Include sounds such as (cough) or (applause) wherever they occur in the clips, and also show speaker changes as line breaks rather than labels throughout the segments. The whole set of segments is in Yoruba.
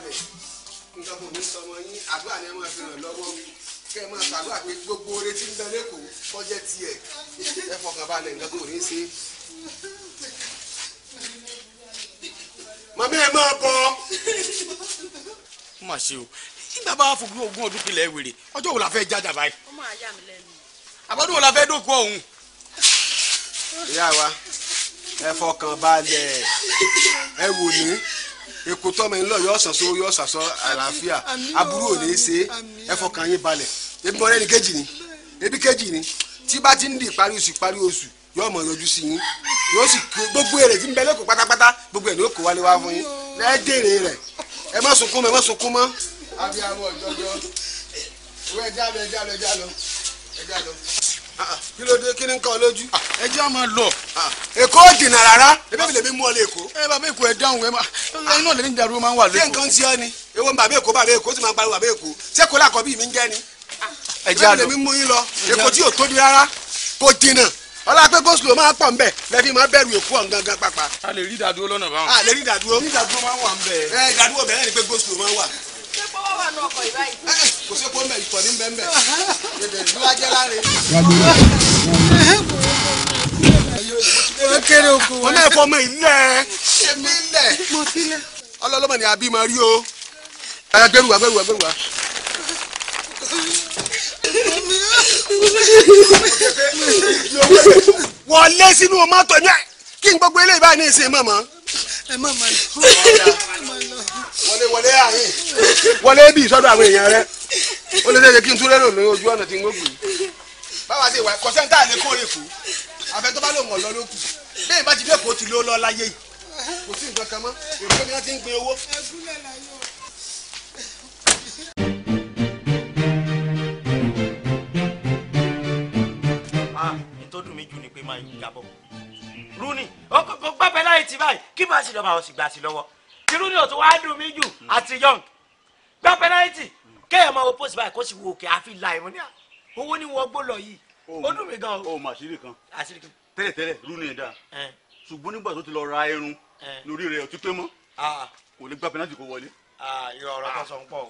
balẹ̀ ntọ́kùn mi sọmọ yín àdúrà ni ẹ máa fi ràn lọ́wọ́ kẹ́ ẹ máa ṣàdúrà pé gbogbo oore tí ń bẹ lẹ́kọ̀ọ́ kọ́jẹ́ tiẹ̀ ẹ fọkàn balẹ̀ nǹkan kò ní í ṣe. màmí ẹ máa bọ. ó mà ṣe o nígbà bá fògùn ogún ọdún pilẹ̀ wèrè ọjọ́ wo la fẹ́ jájà báyìí.
ó máa yà mí lẹ́nu. àbọ̀dún
wo la fẹ́
dókòó ọ̀hún. ìyá wa ẹ fọkàn balẹ̀ ẹ wò ní èkó tọmọ yín lọ yọ ọsàn so yọ ọsàn sọ àlàáfíà aburú ò ní í ṣe ẹ fọkàn yín balẹ̀ ebi mọ ẹni kejì ni ebi kejì ni tí bá ti ń di ìparí oṣù ìparí oṣù yóò mọ yọjú sí yín yóò sì gbogbo èrè tí ń bẹ lẹkọọ pátápátá gbogbo èrè yóò kó wálé wá fún yín lẹ́ẹ̀dẹ̀rẹ̀ rẹ̀ ẹ má sunkún mọ́ ẹ má sunkún mọ́. abiyamọ ọjọjọ owó ẹja lọ ẹja lọ ẹja lọ ẹja lọ. Ah, ah. kí ló dé kí ni nǹkan lójú. Ah, ẹ jẹ́ àmọ́ lọ. èkó dìnnà rárá ebi mi lè mi mú ọ lé èkó. ẹ eh, bàbá èkó ẹ dáhùn ẹ máa ẹ náà lè ní ìdàrú máa ń wà lẹ́kọ̀ọ́. ṣé nǹkan ti ọ ni ewo bàbá èkó bàbá èkó tí màá pariwo bàbá èkó ṣé kó làkọ́ bí mi ń jẹ́ ni. ẹ jẹ́ àlọ́ ebi mi lè mi mú yín lọ èkó tí yóò tóbi rárá kó dìnnà ọlá pé goslo máa pọ̀ nbẹ lẹ́fí máa bẹ̀rù èkó Eh, eh, kò sí pé ìtọ̀ ní bẹ́ẹ̀ bẹ́ẹ̀ èdè ìlú ajẹ́ láre. kéré oko wa. wọn náà fọmọ ilẹ̀. èmi lẹ̀. mo ti lẹ̀. ọlọ́lọ́mọ ni àbí máa rí o. agbẹ́rù wa agbẹ́rù wa agbẹ́rù wa. wọlé sínú mọ́tò yẹn kí n gbogbo eléyìí bá ní ìsìn mọ̀mọ́. ẹ má ma lọ wọlé wọlé àyè wọlé bí sọ́dọ̀ àwọn èèyàn rẹ ó lè ṣe kí n tún lérò ní ojú ọ̀nà tí n gbógun. báwa ṣe wà kọ́sẹ́ńtà lè kórè fún abẹ tó bá lò wọ́n lọ lókù bẹ́ẹ̀ bá ti dé kó ti ló lọ láyé yìí kò sí nǹkan kan mọ́ èkó ni wọ́n ti ń gbin owó.
ìtọ́dún ah, mi jù ni pé máa ń
jábọ̀ rúni ọkọ̀ gbàgbẹ́ láì tì báyìí kí máa sì lọ́ọ́ máa sì gbà sí lọ́wọ́ irú ni òtún wàá dùn mí jù àti young gbá pẹnẹrìtì kéèyàn máa wo post báyìí kó sì wo òkè àfi là ìmú ní à owó ni wọn gbó lọ yìí oh, ó dùn mí gan o. o oh, mà àṣírí kan tẹ́lẹ̀tẹ́lẹ̀ irú ni ẹ̀ dáa ṣùgbọ́n nígbà tó ti lọ ra irun
lórí rẹ̀ ọtí pé mọ́ kò lè gbá pẹnẹrìtì kó wọlé.
irọ́ ọ̀rọ̀ kan sọ ń pọ̀ o.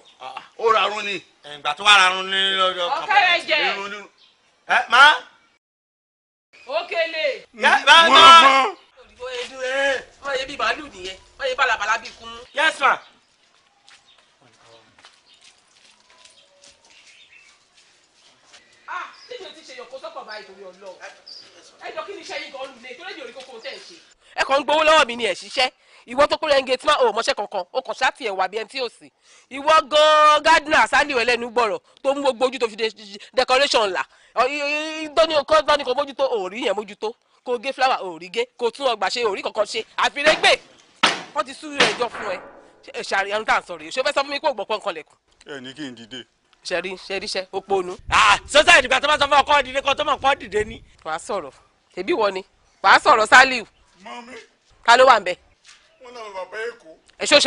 ó ra arun ni. ìgbà tó wà ra arun ní lọ́dọ̀ kan. ọ̀kẹ́rẹ́ jẹ. ẹ máa.
ó yẹ bá ẹdun ẹ má yẹ bí màálù nìyẹn má yẹ bàlàbàlà bí kún. yes ma. ah tíṣe ti ṣe yọkọ sọpọ báyìí torí ọlọ ẹ jọ kí ni iṣẹ́ yín gan lulẹ torí èdè orí kókó tẹ ẹ ṣe. ẹ kàn ń gbowó lọ́wọ́ mi ni ẹ̀ ṣiṣẹ́ ìwọ tó kúrẹ́ ń gé tí máa ò mọ́ṣẹ́ kankan ó kàn ṣáàtì ẹ̀wà bíi ẹni tí ò sí ìwọ gan-an gardner sálíù ẹlẹ́nu gbọ̀rọ̀ tó mú gbogbo ojú tó fi decoration là ìdánilọ́kọ́ ìdánilọ́kọ́ mójútó òòrí yẹn mójútó kó gé fúláwà òòrí gé kó tún ọgbà ṣe òòrí kankan ṣe àfirégbè wọ́n ti súrú ẹjọ́ fún ẹ ṣàrí ẹnu tá à ń sọ rèé ṣé o fẹ́ sọ fún mi pé ògbọ́n pọ́nkan lẹ̀kùn. ẹ ní kí n dìde. ṣẹ̀rí ṣẹ̀rí ṣẹ ó ponu. sọ́sà ìdìgbà tó bá sọ fún ọkọ dìde kan tó mọ̀ kọ́ dìde ni. wàá sọ̀rọ̀ ṣebí wọ ni wàá sọ̀rọ̀ Sálíù. mọ́mí. ká ló wà ń bẹ. wọ́n náà bàbá èkó. èso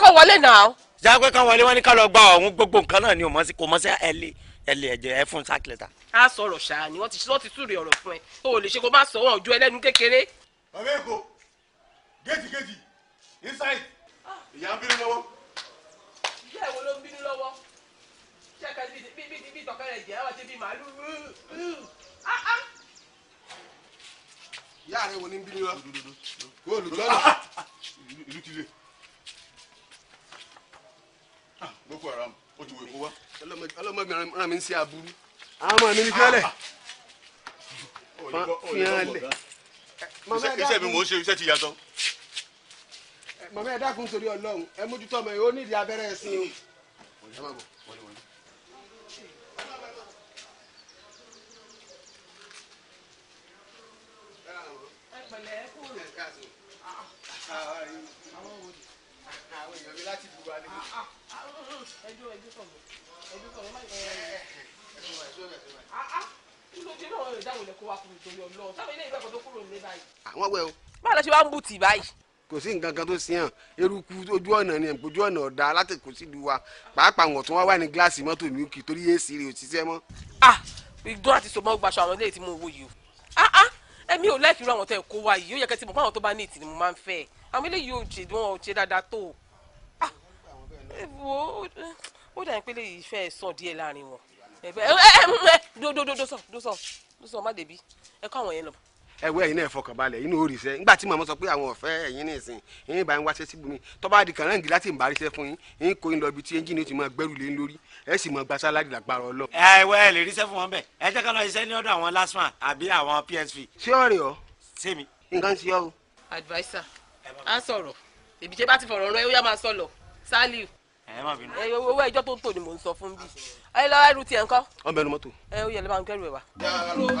kó wọlé náà.
jágbe ẹ lè ẹjọ ẹ fún sack letter.
a sọ̀rọ̀ ṣáà ni wọ́n ti wọ́n ti súre ọ̀rọ̀ fún ẹ o lè ṣe kó má sọ wọn ojú ẹlẹ́nu kékeré. bàbá èkó géètì kejì inside ìyá ń bínú lọ́wọ́. ìyá ìwo ló ń bínú lọ́wọ́ ṣé ẹ kẹ́sì bí bí bí tọ́kẹ́rẹ́ jẹ́ wọ́n ti bí màálù.
ìyá rẹ̀ wo ni ń bínú lọ. kó o lù tọ́lọ̀ ìlú ti le. Ah, boko haram ó ti wò èkó wá ọlọ́mọbìnrin ràn mí sí aburú àwọn ọmọ mi ní fẹ́lẹ̀ fíàlẹ̀. Ah, ah. iṣẹ́ mi mò ń ṣe iṣẹ́ ti yàtọ̀. mọ̀mọ́ ẹ dákun torí ọlọ́run ẹ mójútó ọmọ yìí ó nídìí abẹ́rẹ́ ẹ̀sìn o.
Thank you àwọn wẹ o. báwo la ṣe wá ń bù
tì báyìí. kò sí nǹkan kan tó sí hàn eruku ojú ọ̀nà ni ojú ọ̀nà ọ̀dà alátẹ̀kọ́ sí ìlú wa pàápàá wọn tún wá wà ní gíláàsì mọ́tò mi kì torí èsì rẹ̀ ò ṣiṣẹ́ mọ́.
ah ìdúrà ti so mọ́ gbaṣọ àwọn ilé tí mo wò yìí o. ah ah èmi ò láìkí irú àwọn tẹ̀ kó wa yìí ó yẹ kẹ́ ti mọ̀ fáwọn tó bá ní ìtì ni mo máa ń fẹ́ àwọn eléyìí ò ò ṣe dáadáa tó o. ah wo ó dà ní pé léyìí fẹ́ sàn díẹ̀ láàrin wọn ẹ̀bẹ̀ ẹ̀ ẹ̀ dododo sọ dosọ dosọ má débi ẹ kọ́ àwọn yẹn lọ.
ẹ wẹ ẹyin náà fọkàn balẹ̀ inú orí iṣẹ́ nígbà tí màmá sọ pé àwọn ọ̀fẹ́ ẹ̀yin ní ìsìn ẹ̀yin bá ń wáṣẹ́ síbi mi tọ́ba di kànáńgì láti bá ríṣẹ́ fún yín ẹ̀yin kò ń lọ ibi tí ẹ́ńjìnì ti máa gbẹ́rù lé lórí ẹ̀ sì máa gba sálárì lágbára ọlọ.
ẹ wẹ lè ríṣẹ́ fún wọn bẹ́ẹ̀ ẹ jẹ́ ká lọ iṣẹ́ ní ọ̀dọ̀ àwọn lasman àbí àwọn psv. ṣé ọ̀rẹ́ ọ. sẹ́mi. nǹkan ṣe ọ.
adviser a sọ̀rọ̀ èbìjẹ́ bá ti fọ̀rọ̀ rẹ ó yá máa sọ lọ sálíù ẹ owó ẹjọ́ tó ń tò ni mò ń sọ fún bí ẹ lọ ẹrù tiẹ̀ ńkọ́. ọ bẹ nu mọ́tò. ẹ ó yẹ lè máa ń kẹrù ẹ wá. yàrá mi ò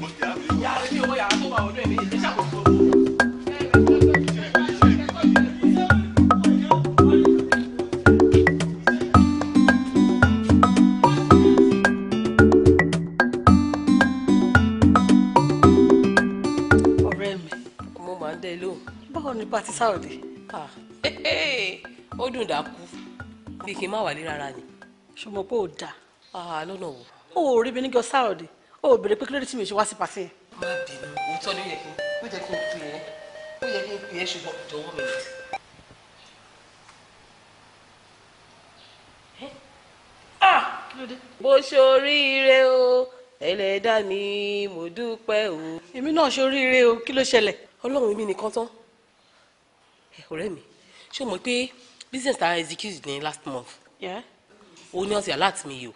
wọ yàrá tó wà ọdún ẹ̀mí. dẹ̀ lò báwo ni pati Saudi. Eh, eh, ó dùn dákú bí kí n má wálé rárá ni. ṣùgbọ́n pé ó dà. lọ́nà ah, wo. ó ò rí mi níjọ Saudi ó ò béèrè pé kí ló dé tí mi ṣe wá sí pati má bínú òótọ́ ni ó yẹ kí ó yẹ kí n pè é ó yẹ kí n pè é ṣùgbọ́n jọ̀wọ́ mi. bó eh? ah! ṣoríire o ẹlẹ́dàá mi mo dúpẹ́ o. èmi náà ṣoríire o kí ló ṣẹlẹ̀ ọlọ́run mi nìkan tán ọ̀rẹ́ mi ṣé o mọ̀ pé business ta execute ní last month o ní ọ̀sẹ̀ alert mi yìí o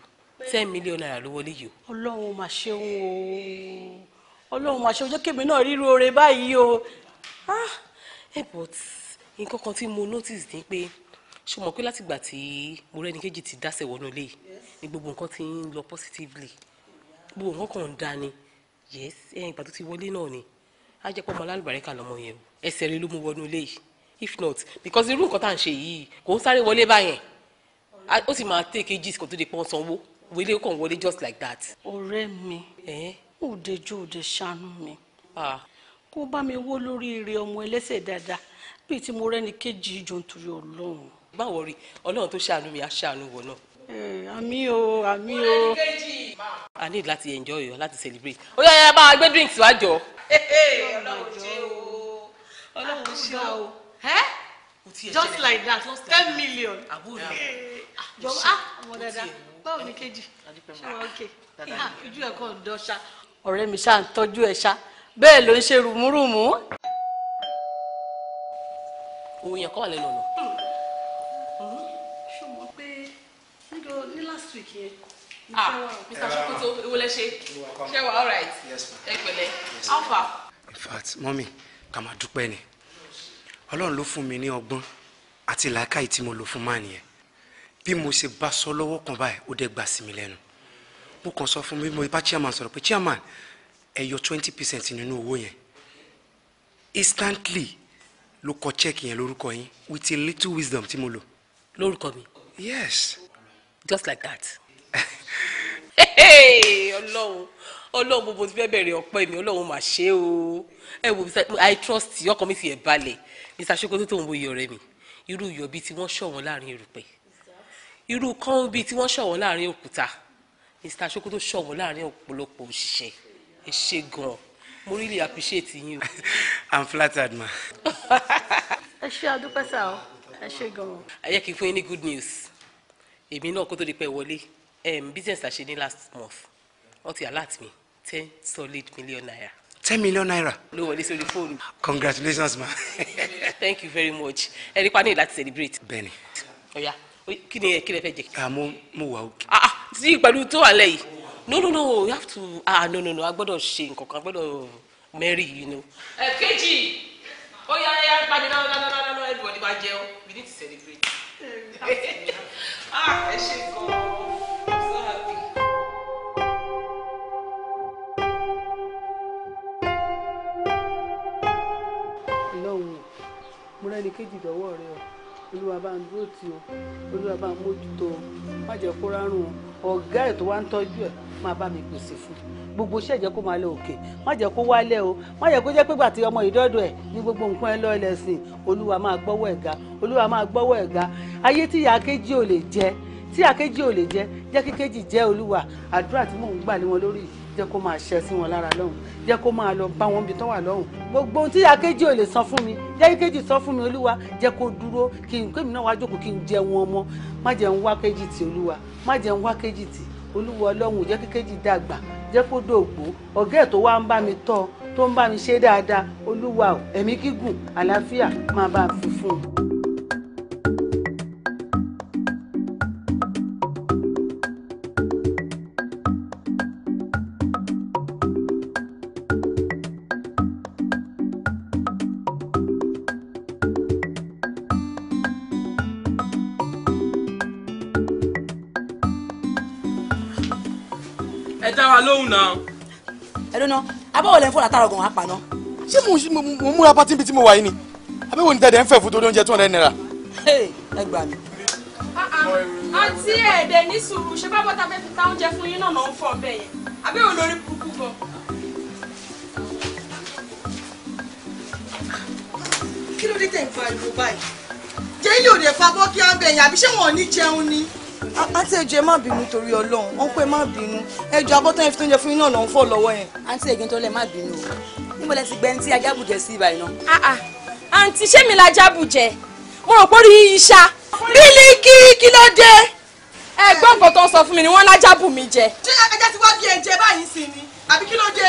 ten million naira ló wọlé yìí o. ọlọ́run mà ṣeun o ọlọ́run mà ṣeun jẹ́ kébì náà ríro oore báyìí o ah, ẹ but nǹkan kan tí mo notice ni pé ṣe mọ̀ pé látìgbà tí mo rẹ́ni kejì ti dáṣẹ̀ wọnú ilé yìí ni gbogbo nǹkan ti ń lọ positively gbogbo nǹkan kan ń da yes ẹ̀yìn ìgbà tó ti wọlé náà ni á jẹ́ pọ́ ọmọ alálùbáríkà lọ́mọ yẹn o ẹsẹ̀ rẹ ló mú wọnú ilé yìí if not because irú nǹkan tá à ń ṣe yìí kò ń sáré wọlé báyẹn ó sì máa tẹ̀ kgs kò tó di pọ́n sanwó wọlé ó kàn wọlé just like that. ọ̀rẹ́ mi òde òde ṣàánú mi ah. kó bá mi wó lórí ire ọmọ ẹlẹ́sẹ̀ dáadáa bíi tí mo rẹ́ni kejì ìjọ nítorí ọlọ́run. báwo rí ọlọ́run tó ṣàánú mi á ṣàánú wọ náà àmì o àmì o. a need láti enjoy o láti celebrate. ó yá yá bá a gbé drinks wá jọ. Oh ọlọ́run ṣe o ọlọ́run ṣe o just like that ten million ah, ah, jọba ah, ọmọ dada báwo ni kejì ṣé wọn ok ojú ẹ kàn ṣá ọ̀rẹ́ mi ṣáà ń tọ́jú ẹ ṣá bẹ́ẹ̀ ló ń ṣe rùmúrùmú. òun yẹn kọ́ wà lẹ́nu ọ̀nà. Hmm. Hmm. ṣùgbọ́n pé ní last week yẹn ah mr sokoto you ṣe wa all right ẹ pẹ̀lẹ́ how far. in
fact mommy, come máa drop ni ọlọ́run ló fún mi ní ọgbọ́n àti làákàyè tí mo lò fún máà nìyẹn bí mo ṣe bá sọ lọ́wọ́ kan báyìí ó dẹ́ gbà sí mi lẹ́nu mo kàn sọ fún mi mo bá chairman sọ̀rọ̀ pé chairman ẹ yọ twenty percent nínú owó yẹn instantly ló kọ check yẹn lórúkọ yín with a little wisdom tí
mo lò. lórúkọ mi. yes. just like that ọlọ́run ọlọ́run gbogbo ti fẹ́ bẹ̀rẹ̀ ọpẹ́ mi ọlọ́run mà ṣe o ẹ wo i trust ọkàn mi ti ẹ̀ balẹ̀ mr sokoto tó ń wo iyọ̀ rẹ mi irú iyọ̀ bíi tí wọ́n ṣọ̀wọ́n láàrin erùpẹ̀ irú kọ́hún bíi tí wọ́n ṣọ̀wọ́n láàrin òkúta mr sokoto ṣọ̀wọ́n láàrin ọ̀pọ̀lọpọ̀ òṣìṣẹ́ ẹ ṣe gan-an mo really appreciate yín (laughs) i'm flattered ma. ẹ ṣe àdúpẹ́ sá o ẹ ṣe gan-an. ayé kì í fún yín ní good news èmi náà kó tó di pẹ́ wọlé um, business ta ṣe ní last month wọ́n ti alert mi ten solid million naira.
ten million naira.
ló wọlé sórí fóònù. congratulations ma. (laughs) thank you very much ẹni pa ní láti celebrate. bẹ́ẹ̀ni. ọ̀ya kí ni kí lè fẹ́ jẹ. àmọ́
mo wà òkè. Ah,
ah sí pẹ̀lú tó wà lẹ́yìn no no no you have to ah no no no a gbọ́dọ̀ ṣe nǹkan kan a gbọ́dọ̀ marry you know. ẹ kejì ó yá yá pàdé náà náà náà náà everybody máa jẹun we need to celebrate. (laughs) ah ẹ ṣe gan
ẹnì kejì dọ̀wọ́ rẹ o olúwa bá ń dúró tì o olúwa bá ń mójútó o má jẹ́ kó rárùn o ọ̀gá ẹ̀ tó wá ń tọ́jú ẹ̀ máa bá mi pèsè fún gbogbo iṣẹ́ ìjẹ́ kó máa lọ òkè má jẹ́ kó wálẹ̀ o má jẹ́ kó jẹ́ pé gbàtí ọmọ ìdọ́dọ̀ ẹ̀ ní gbogbo nǹkan ẹ lọ́ọ́ ẹlẹ́sìn olúwa máa gbọ́wọ́ ẹ̀ ga olúwa máa gbọ́wọ́ ẹ̀ ga ayé tí kejì ò lè jẹ tí kejì ò lè jẹ jẹ́ kí kejì jẹ́ olúwa àdúrà tí mò ń gbà lé wọn lórí yìí jẹ́ kó máa ṣẹ́ sí wọn lára lọ́hùn jẹ́ kó máa lọ bá wọn bí tó wà gbogbo ohun tí akéjì ò lè san fún mi jẹ́ kéjì san fún mi olúwa jẹ́ kó dúró kí n kémi náà wá jókòó kí n jẹ wọn ọmọ má jẹ́ ń wá kéjì tì olúwa má jẹ́ ń wá kéjì tì olúwa ọlọ́run jẹ́ kékejì dàgbà jẹ́ kó dògbò ọ̀gá ẹ̀ tó wá ń bá mi tọ́ tó ń bá mi ṣe dáadáa olúwa ẹ̀mí gígùn àlàáfíà máa bá a fi fún un.
dá wa lóhùn náà. ẹ dúná abáwọ̀ lẹ́ ń fọ̀rọ̀ àtàrà ọ̀gàn àpàná.
ṣé mo mo múra pátí bíi tí mo wà yìí ni abẹ́wò ní tẹ̀dẹ̀ ń fẹ́ fún torí oúnjẹ two hundred naira.
ẹ gbà mí. Ah, ah. àǹtí ẹ̀ẹ́dẹ̀ ní sùúrù ṣé bá bọ́tà fẹ́ fi ta oúnjẹ fún yín náà náà ń fọ ọbẹ̀ yẹn àbẹ́wò lórí burúkú gan. kí ló dé tẹ̀ ń pariwo báyìí jẹ́ ilé òde pa bọ́kí abẹ́yìn àbí ṣé wọn ò ní jẹun ni àǹtí ẹ̀jẹ̀ má bínú torí ọlọ́run wọ́n pẹ́ má bínú ẹ̀jọ̀ abọ́tán ẹ̀fí tó ń jẹ fún yín náà ló ń fọ́ lọ́wọ́ yẹn. àǹtí ẹ̀gbìn tó lẹ̀ má bínú o níbo lẹ ti gbẹ́ni tí ajábùjẹ sí ibà iná. àǹtí ah, ah. ṣé mi la jábùjẹ mo rò pé orí iṣa Bílíkì kí ló dé. ẹgbẹ́ nǹkan tó ń sọ fún mi ni wọ́n lájábù mi jẹ. ṣé ẹja ti wá bí ẹ̀jẹ̀ báyìí sí ni àbí kí ló dé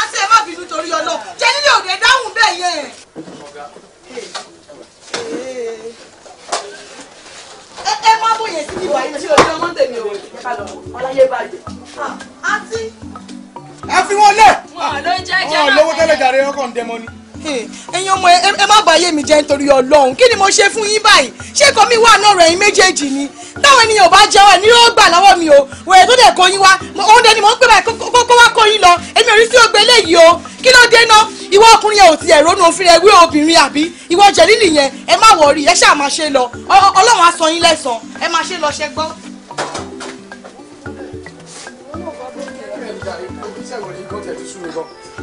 àǹtí ẹ má bínú torí ẹ ẹ má bòyè sí ibà yìí ṣé ojú ọmọ tèmi o ọláyé bàjẹ́ àǹtí.
ẹ fi wọn lẹ. wọn ló jẹ́ jẹ́ náà. wọn lówó tẹ́lẹ̀ jàre
ọkọ̀ ń dẹmọ ni. Eh, ẹ̀yin ọmọ ẹ má bàa yé mi jẹ́ nítorí ọlọ́run kí ni mo ṣe fún yín báyìí ṣé kò mí wà náà rẹ̀ yín méjèèjì ni táwọn ènìyàn bá jẹ́ wà ní ó gbà lọ́wọ́ mi o wẹ̀rẹ̀ tó dẹ̀ kó yín wá òun dẹ̀ ni mò ń pè báyìí kó wá kó yín lọ èmi ò rí sí ògbé léyìí o kí ló dé ná ìwọ ọkùnrin yẹn ò tiẹ̀ rónú òfin rẹ̀ wí obìnrin àbí ìwọ jẹ̀lílì yẹn ẹ má wọrí ẹ ṣáà máa ṣe lọ ọlọ́run á san yín lẹ́san ẹ máa ṣe lọ ṣẹ gbọ́. ọlọ́run bá bẹ́ẹ̀ ni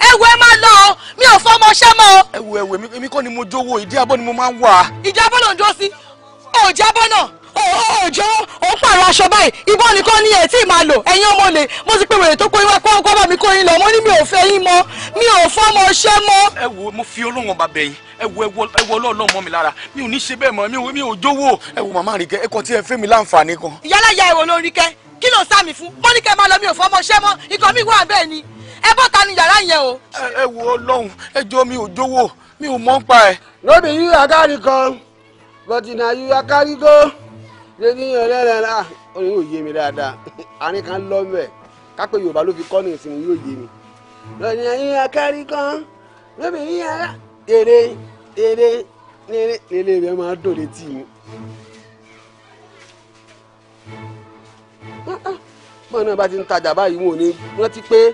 ẹwù ẹ máa lọ ọ mi ò fọmọ ọṣẹ mọ. ẹwù ẹwù èmi kọ́ ni mo jówó ìdí abọ́ ni mo máa ń wà. ìjábọ̀ náà jó sí òjábọ̀ náà òjò òun pààrọ̀ aṣọ báyìí ìbọn nìkan ni ẹ̀ tí ì máa lò ẹ̀yin ọmọ lè mo ti pé wèrè tó kóyún wá kó kó bá mi kóyún lọ mo ní mi ò fẹ́ yín mọ́ mi ò fọ́mọ ṣẹ́ mọ́.
ẹ wo mo fi ọlọ́wọ́n bá bẹ̀ yín ẹ wo ẹ wo ọlọ́ọ̀lọ́ mọ́ mi lára mi ò ní ṣe bẹ́ẹ̀ mọ́ mi ò mi ò jówó. ẹ wo màmá Àríkẹ́ ẹ kọ tí ẹ fẹ́ mi láǹfààní kan.
ìyálà ya èrò lórí kẹ kí ló sá mi fún mọ́níkẹ́ máa lọ mi ò fọ́mọ mọ́ ni ẹ bọ́ta ni yàrá yẹn o.
ẹ wo ọlọ́run ẹ ojowo, mi ò jówó mi ò mọ́ pa ẹ̀. no be you akari kan but na you akari go lẹ́yìn ọ̀rẹ́rẹ́ náà orin yóò yé mi dáadáa (laughs) kan yorùbá ló fi ní ìsinmi yóò yé mi. akari kan no be you ara máa dùn létí ah, ah. ti ń tajà báyìí wọn ò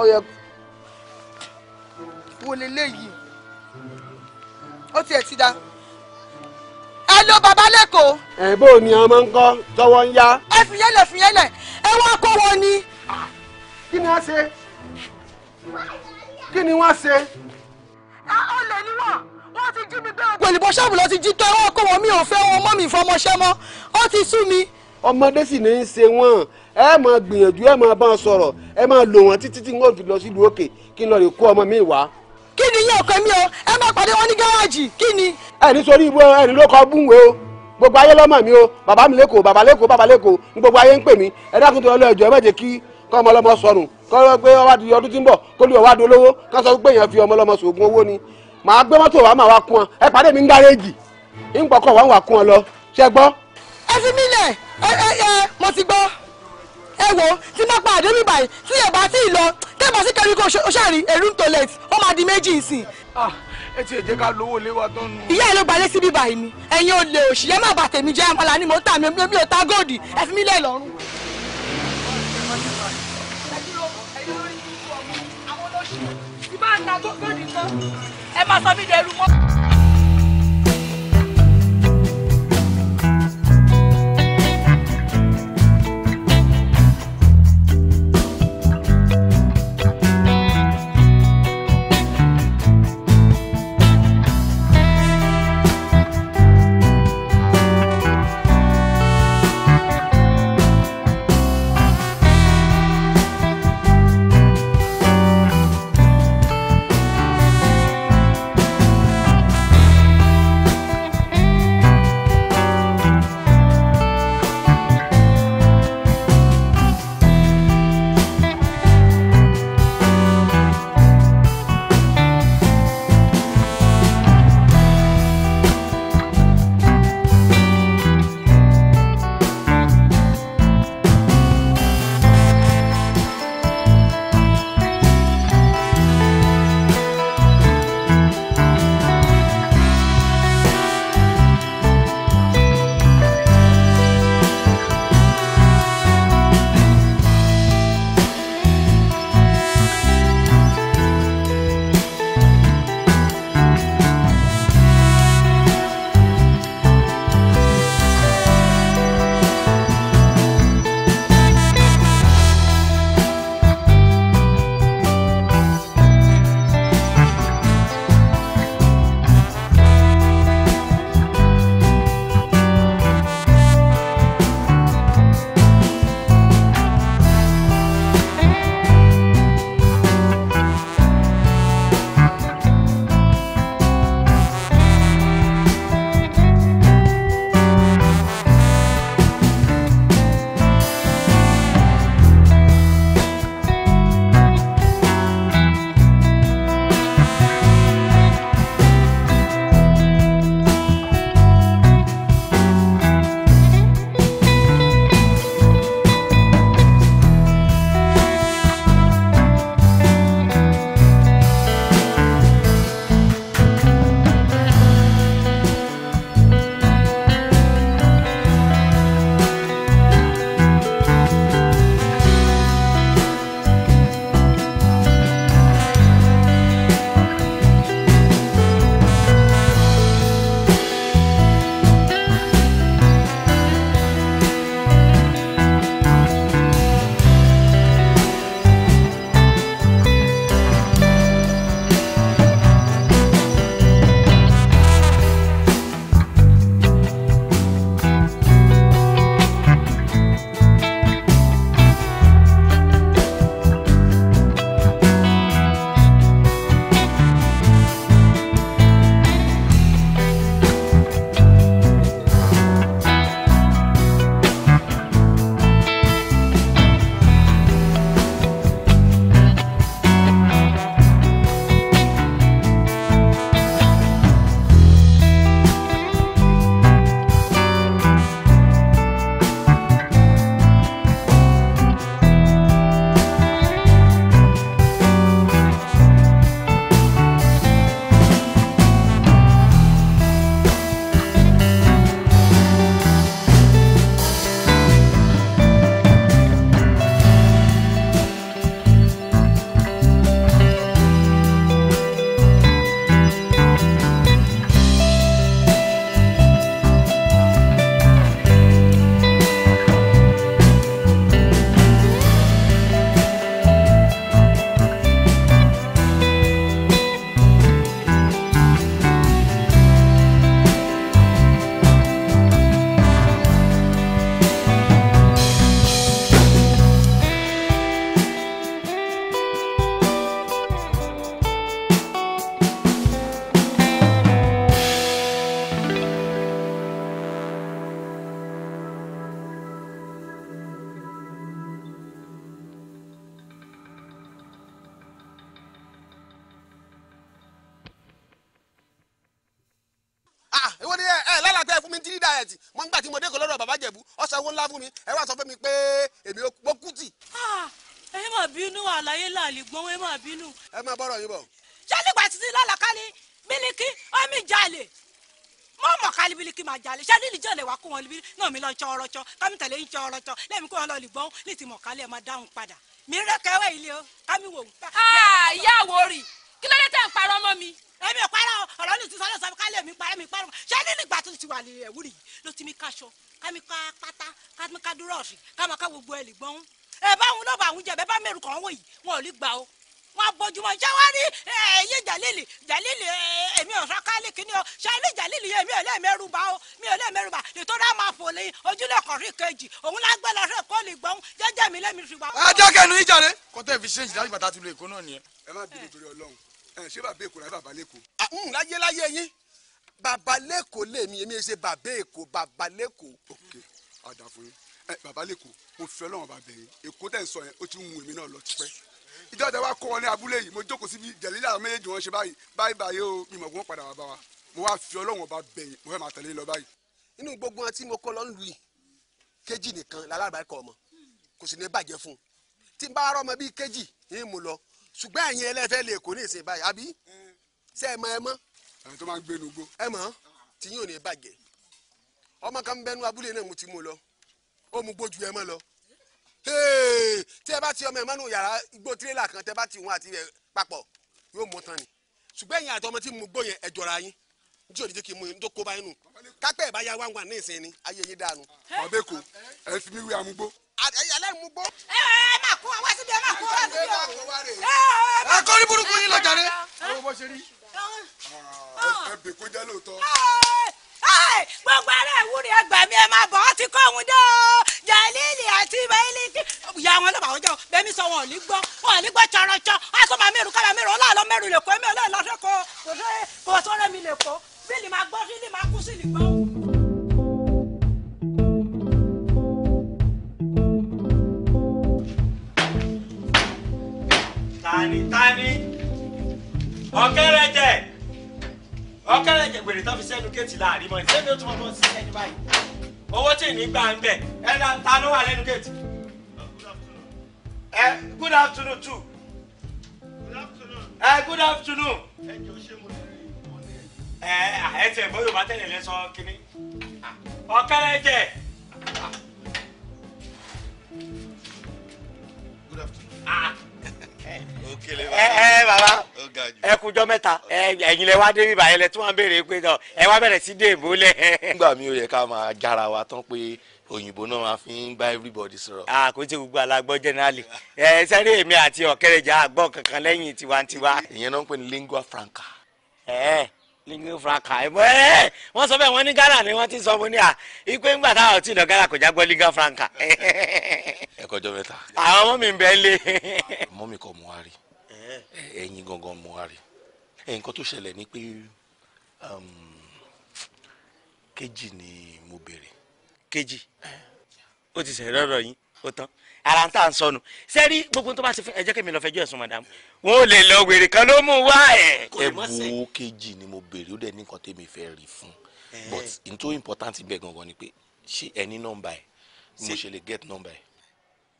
ọyọ
wo leléyìí ó tiẹ̀ ti da ẹ lọ bàbá lẹ́kọ̀ọ́.
ẹ bó ni ọmọ ń kọ́ tọwọ́ ń yá. ẹ
fìyẹ́lẹ̀ fìyẹ́lẹ̀ ẹ wá kó wọn ni. kí ni wọ́n ṣe
kí ni wọ́n ṣe.
olè ni wọ́n wọ́n ti jí mi bẹ́ẹ̀. pèlú
bọ́ ṣọ́ọ̀bù lọ ti jí tó ẹ wọ́n kó wọn mi ò fẹ́ wọn mọ́ mi fọmọṣẹ́ mọ́ ó ti sú mi ọmọdé sì ní í ṣe wọn ẹ máa gbìyànjú ẹ máa bá wọn sọ̀rọ̀ ẹ máa lò wọn títí tí wọn fi lọ sílùú òkè kí n lọ rè kó ọmọ mi wá. kí ni yín ọkọ mi o ẹ máa pàdé wọn ní gáràjì kí ni. ẹ ní sori ibo ẹni ló kọ búwe o gbogbo ayé lọ́mọ mi o bàbá mi lẹ́kọ̀ọ́ bàbá lẹ́kọ̀ọ́ bàbá lẹ́kọ̀ọ́ ní gbogbo ayé ń pè mí ẹ dákun tó lọ ẹjọ́ ẹ má jẹ́ kí kọ́ ọmọ ọlọ́mọ sọnù kọ́ pé ọwá wa máa wá kún ẹ fi mí lẹ̀
ẹ ẹ ẹ ti gbọ́ ẹ wo tí má pa àdéhùn báyìí tí ẹ bá tí ì lọ tẹ́ẹ̀bà sí kẹrin kó o ṣàrí èrú toilet ó máa di méjì ìsìn.
Ah, ẹ ti jẹ́ ká lówó lé wa tán nù.
ìyá ẹ ló balẹ̀ síbí báyìí ni ẹ̀yin ò lè òṣì ẹ má bà tèmi jẹ́ àmàlà ni mò ń tà mí mi ò ta góòdì ẹ fi mí lẹ̀ lọ́rùn. ẹ máa sọ mí dẹrù mọ́. yín jọrọjọ lẹ́mi kó wọn lọ lùgbọ́n ní ti mọ̀kálẹ̀ máa dáhùn padà mi rẹ kẹwẹ́ ilé o kámi wò ó. Ah, ìyáwó rì kí ló dé tẹ̀ ń parọ́ mọ́ mi. èmi ò parọ́ ọ̀rọ̀ ní ìtúsọ́lẹ̀ sọ kálẹ̀ mi parẹ́ mi parọ́ ṣé nínú ìgbà tó ti wà ní ẹ̀wúrì yìí ló ti mi kaṣọ kámi ká pátá kámi ká dúró ọ̀sìn kámi ká gbogbo ẹ̀ lùgbọ́n ẹ̀ báwọn ló bá àwọn jẹ̀ bẹ́ẹ̀ bá mẹ́rù kàn wọ̀ wọn bójúmọ́ ṣé wọ́n rí ẹ̀yẹ jalili jalili èmi ò sọ́kálì kìíní o ṣé ilé jalili yẹn mi ò lẹ́ẹ̀mẹ́rù bá o mi ò lẹ́ẹ̀mẹ́rù bá nítorí àmọ́ àfòlè ojúlẹ̀ kọ̀rí kejì òun lágbẹ́ lọ sí èkó lè gbọ́n jẹ́jẹ́ mi lẹ́mi ṣùgbọ́n. ẹ jẹ́ kẹ́nu jáde.
kọ́tẹ́ fi ṣéǹjì láti bàtà tìlú èkó náà nìyẹn. ẹ má bí nítorí ọlọ́run ẹ ṣé bàbá èkó láyé bàbá lẹ́kọ̀ọ́. Ah,
mm, láyé láyé yín bàbá lẹ́kọ̀ọ́
lèmi èmi ṣe bàbá èkó bàbá lẹ́kọ̀ọ́ ìjọ ìjọba kó wọn ní abúlé yìí mo jókòó síbi jẹ̀lílà àwọn méjèèjì wọn ṣe báyìí báyìí báyìí o ìmọ̀ kó wọn padà wá bá wa mo wá fi ọlọ́wọ́n bá bẹ̀yìn mo fẹ́ máa tẹ̀lé lọ báyìí. inú gbogbo wọn tí mo kọ́ lọ́n lu yìí kéjì nìkan lálàbáríkọ ọmọ kò sì ní bàjẹ́ fún un tí n bá rọ ọmọ bíi kéjì yìí mo lọ ṣùgbọ́n ẹ̀yin ẹlẹ́fẹ́ lè kó ní ìsìn báyìí àbí ṣé ẹ mọ tẹ́ ẹ bá ti ọmọ ẹ̀ mọ́nú yàrá igbó tirẹ́là kan tẹ́ bá ti wọn àti rẹ̀ papọ̀ yóò mọ tán ni ṣùgbọ́n ẹ̀yin àtọmọ tí mo gbó yẹn ẹ jọra yín ní tí òdìjẹ́ kí n mú yín tó kó báyìí nù kápẹ́ ẹ̀ bá ya wáńgbà ní ìsìn ni ayé yín dànù. ọbẹ̀ kò ẹ fi mí wí amúgbó.
aláìmúgbó. ẹ ẹ máa kó wá síbi ẹ máa kó wá síbi ọ. ẹ kọ́ ní burúkú yín lọ́jà rẹ. ẹ bọ́ ṣe
rí ẹ bè kó jẹ́ lóòótọ́.
gbogbo ara ìwúrí ẹgbàá mi ẹ máa bọ̀ ọ́ ti kọ́ òun dé jalili àti mailiki ìyá wọn lọ́ba ọjọ́ bẹ́ẹ̀ mi sọ wọn ò ní gbọ́ wọn ò ní gbọ́ tsọ̀rọ̀tsọ̀ àìsàn máa mẹ́rù kábà mẹ́rù ọlọ́ọ̀lọ́ mẹ́rù lè kọ́ ẹ̀mí ọlọ́ọ̀lọ́ fẹ́ kọ́ kò sọ́rọ́ mi lè kọ́ bílì máa gbọ́ bílì máa kú sílì gbọ́.
tani tani ọkẹrẹjẹ ọkẹrẹjẹ gbèrè tó fi sẹnu kéètì láàrin mọ ìfẹ́ mi ó tún mọ́ báyìí owó tí ní gbà ń bẹ̀ ẹ ta ló wà lẹ́nu gate. ẹ good afternoon too. ẹ good afternoon. ẹ jọ ṣé mo lè rí ìwọ ní ẹ. ẹ ẹ tẹ bóyá bá tẹ̀lé lẹ́sọ̀ kínní. ọ̀kẹ́rẹ́ jẹ.
good afternoon. Ah. (laughs) ẹ
ẹ bàbá. ẹkùjọ mẹta ẹ̀yin lẹ wá dé bíbá yẹn lẹ béèrè pé ẹ wá bẹ̀rẹ̀ sí déèbó lẹ. nígbà mi ò yẹ ká máa jára wa tán pé òyìnbó náà máa fi ń bá everybody sọrọ. a kò tí gbogbo alagbọ generally ẹ sẹ́rí èmi àti ọ̀kẹ́rẹ́jà kankan tiwantiwa. ìyẹn náà ń lingua franca. ẹ lingua franca ẹ ẹ sọ ní Ghana ni ti sọ à ipe ńgbà táwọn Ghana kò já lingua franca. ẹ
kọjọ
ẹ̀yin gangan mo wá rí nǹkan tó ṣẹlẹ̀ ni pé um, kejì ni mo béèrè. kejì ó ti sẹ̀ rọ̀rọ̀ yín
ó tán ara tá à ń sọnù sẹ́rí gbogbo tó bá ti fẹ́ ẹ jẹ́ kí mi lọ fẹjọ́ ẹ̀sùn madam wọn ò lè lọ wèrè kan ló mú wá ẹ̀. ẹ
wo kejì ni mo béèrè ó dẹ̀ ní nǹkan tèmi fẹ́ rí fún but n tó important bẹ́ẹ̀ gangan ni pé ṣé ẹ ní nọ́mbà mo ṣe lè get nọ́mbà ẹ̀.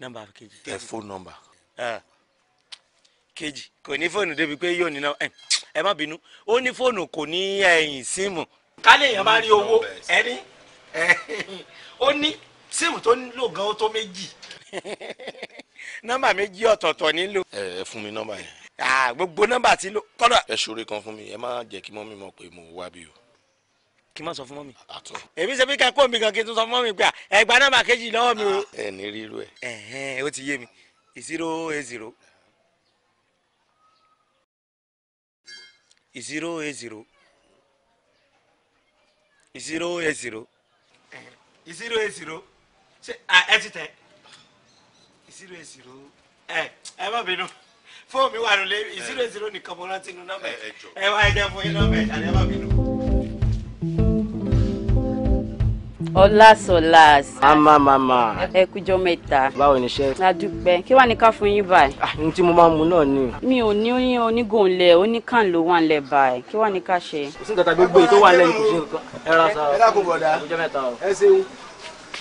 nọ́mbà kejì. ẹ fóònù nọ́mbà kejì kò ní fóònù débi pé yóò níná ẹ má bínú ó ní fóònù kò ní ẹ̀yìn síìmù. kálí èèyàn bá rí owó ẹni ó ní síìmù tó nílò gan ó tó méjì.
(laughs)
nọ́mbà méjì ọ̀tọ̀ọ̀tọ̀ nílò. ẹ ẹ fún mi nọ́mbà yẹn. gbogbo nọ́mbà tí ló kọ́dọ̀. ẹ ṣoore kan fún mi ẹ má jẹ́ kí mọ́mí mọ̀ pé mo wá bí o kí n
má sọ fún mọ́mì. èmi ṣe fi ká kó mi gan kí n tún sọ fún mọ́mì pé ẹgbàá náà máa kejì lọ́wọ́ mi o. ẹ ní rírú ẹ. ẹ ẹ o ti yé mi zero eight zero zero a zero zero a zero zero a zero ṣe ẹ ti tẹ zero a zero ẹ ẹ má bínú fóònù mi wà lóde zero eight zero nìkan mo rántí nu nọ́mbà ẹ wá ẹ jẹ fún yín nọ́mbà ẹ jáde ẹ má bínú.
ọlá sọlá. mama mama. ẹ kújọ mẹ́ta. báwo ni iṣẹ́. adúpẹ́ kí wàá ní ká fún yín báyìí. Ah, n tí mo máa ń mu náà ni. mi ò ní oyin onígò ńlẹ oníkàn ló wà ńlẹ báyìí kí wàá ní ká ṣe. kò sí nǹkan gbogbo èyí tó wà ńlẹ ní kò sí
nǹkan.
ẹ ra sa ẹ dákun bọ̀dá ẹ ṣeun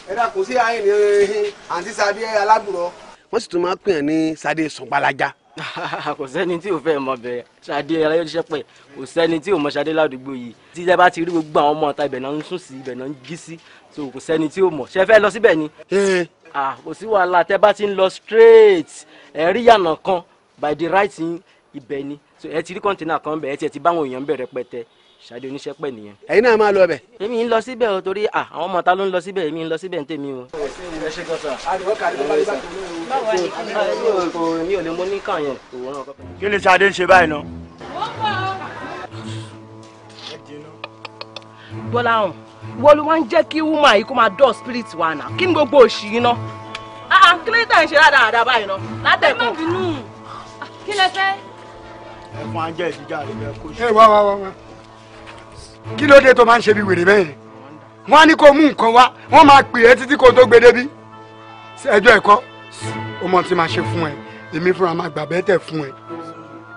ẹ dákun sí àyìn ní eh, àǹtí sadé alágbùrọ. wọ́n sì tún máa ń pè é ní sadé sọ̀gbàlájà. (laughs) kò sẹ́ni tí ò fẹ́ mọ
bẹ́ẹ̀ Ṣadé Aláyọ̀dé pẹ̀ kò sẹ́ni tí ò mọ Ṣadé ládùúgbò yìí tí ẹ bá ti rí gbogbo àwọn ọmọ ọ̀tá ibẹ̀ náà ń sùn sí ibẹ̀ náà ń jí sí so kò sẹ́ni tí ò mọ̀ ṣe fẹ́ lọ síbẹ̀ ni. kò sí wàhálà tẹ bá ti ń lọ straight ẹ rí yànà kan by the right ibẹ̀ ni so ẹ ti rí kọ́ńtínà kan bẹ̀ ẹ ti ẹ ti báwọn èèyàn bẹ̀rẹ̀ pẹ̀tẹ́ ṣáde oníṣẹ́ pẹ̀ nìyẹn. ẹ̀yin náà máa lọ bẹ̀. èmi ń lọ síbẹ̀ o torí àwọn ọmọ ta ló ń lọ síbẹ̀ èmi ń lọ síbẹ̀ ń tèmi o. ẹ ṣe kọ́ sà. àdìwọ́ kàdé bá bá
bá tó
lóyún. mi ò lè mú ní kàn yẹn. kí ni ṣáde ń ṣe
báyìí náà. bọ́lá hàn wọ́n ló wá ń jẹ́ kí woman yìí kó máa dọ̀ spirit wa náà kí ni gbogbo òṣì yìí ná.
kí ló tẹ̀ ń ṣe dáadáa báyìí ná látẹ̀kùn. kí lẹ fẹ́.
ẹ fún ajẹ́ ìdíjà rẹ̀ bẹ́ẹ̀ kó ṣe. ẹ wá wá wá wá kí ló dé tó máa ń ṣe bí wèrè bẹ́ẹ̀ wọ́n á ní kó mú nǹkan wá wọ́n máa pè é títí kó tó gbé débi ẹjọ́ ẹ̀kọ́ ó mọ tí máa ṣe fún ẹ èmi fúnra máa gbà bẹ́tẹ̀ fún ẹ